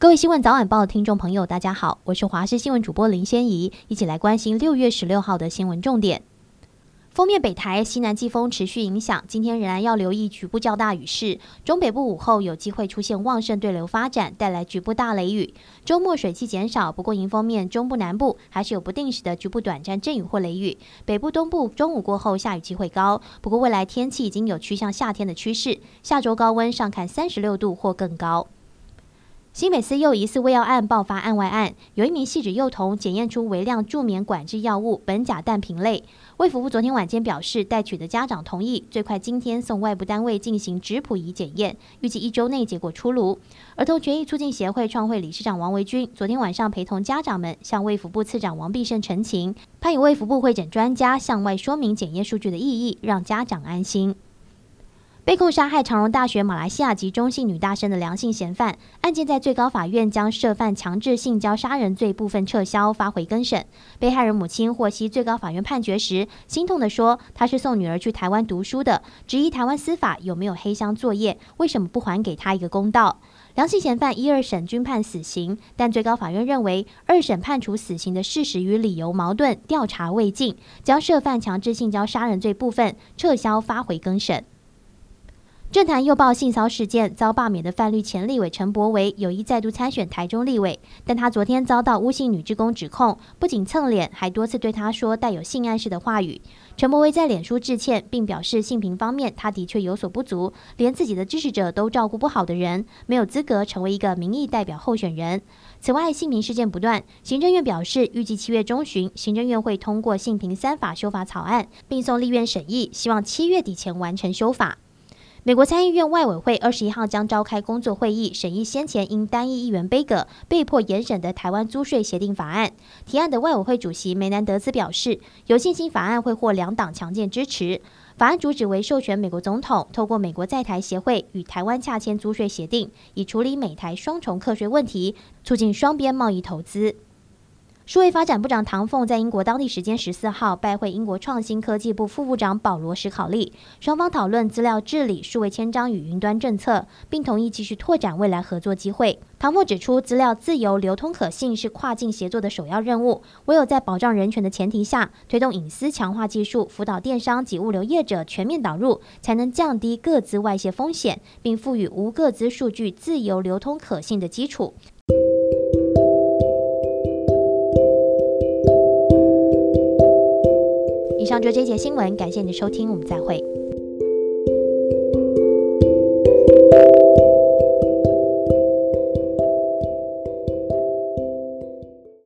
各位新聞早晚報的聽眾朋友，大家好，我是華視新聞主播林仙怡，一起來關心六月十六號的新聞重點。鋒面北抬西南季風持續影響，今天仍然要留意局部較大雨勢。中北部午後有機會出現旺盛對流發展，帶來局部大雷雨。周末水氣減少，不過迎風面中部南部還是有不定時的局部短暫陣雨或雷雨。北部東部中午過後下雨機會高，不過未來天氣已經有趨向夏天的趨勢，下周高溫上看三十六度或更高。新北市又疑似餵藥案爆發案外案，有一名細緻幼童檢驗出微量助眠管制藥物苯二氮平類。衛福部昨天晚間表示，待取得家長同意，最快今天送外部單位進行質譜儀檢驗，預計一周內結果出爐。兒童權益促進協會創會理事長王維君昨天晚上陪同家長們向衛福部次長王必勝陳情，盼由衛福部會診專家向外說明檢驗數據的意義，讓家長安心。被控殺害長榮大學馬來西亞籍鍾姓女大生的梁姓嫌犯，案件在最高法院將涉犯強制性交殺人罪部分撤銷，發回更審。被害人母親獲悉最高法院判決時，心痛地說：“她是送女兒去台灣讀書的，質疑台灣司法有沒有黑箱作業，為什麼不還給她一個公道？”梁姓嫌犯一二審均判死刑，但最高法院認為二審判處死刑的事實與理由矛盾，調查未盡，將涉犯強制性交殺人罪部分撤銷，發回更審。政壇又爆性騷事件，遭罷免的泛綠前立委陳柏惟有意再度參選台中立委，但他昨天遭到巫姓女志工指控，不僅蹭臉，還多次對他說帶有性暗示的話語。陳柏惟在臉書致歉，並表示性平方面他的確有所不足，連自己的支持者都照顧不好的人，沒有資格成為一個民意代表候選人。此外，性平事件不斷，行政院表示預計七月中旬，行政院會通過性平三法修法草案，並送立院審議，希望七月底前完成修法。美國參議院外委會二十一號將召開工作會議，審議先前因單一議員杯葛被迫延審的台灣租稅協定法案。提案的外委會主席梅南德斯表示，有信心法案會獲兩黨強健支持。法案主旨為授權美國總統透過美國在台協會與台灣洽簽租稅協定，以處理美台雙重課稅問題，促進雙邊貿易投資。數位發展部長唐鳳在英國當地時間十四號拜會英國創新科技部副部長保羅史考利，雙方討論資料治理、數位簽章與雲端政策，並同意繼續拓展未來合作機會。唐鳳指出，資料自由流通可信是跨境協作的首要任務，唯有在保障人權的前提下，推動隱私強化技術輔導電商及物流業者全面導入，才能降低個資外洩風險，並賦予無個資數據自由流通可信的基礎。以上就是這一節新聞，感謝您的收聽，我們再會。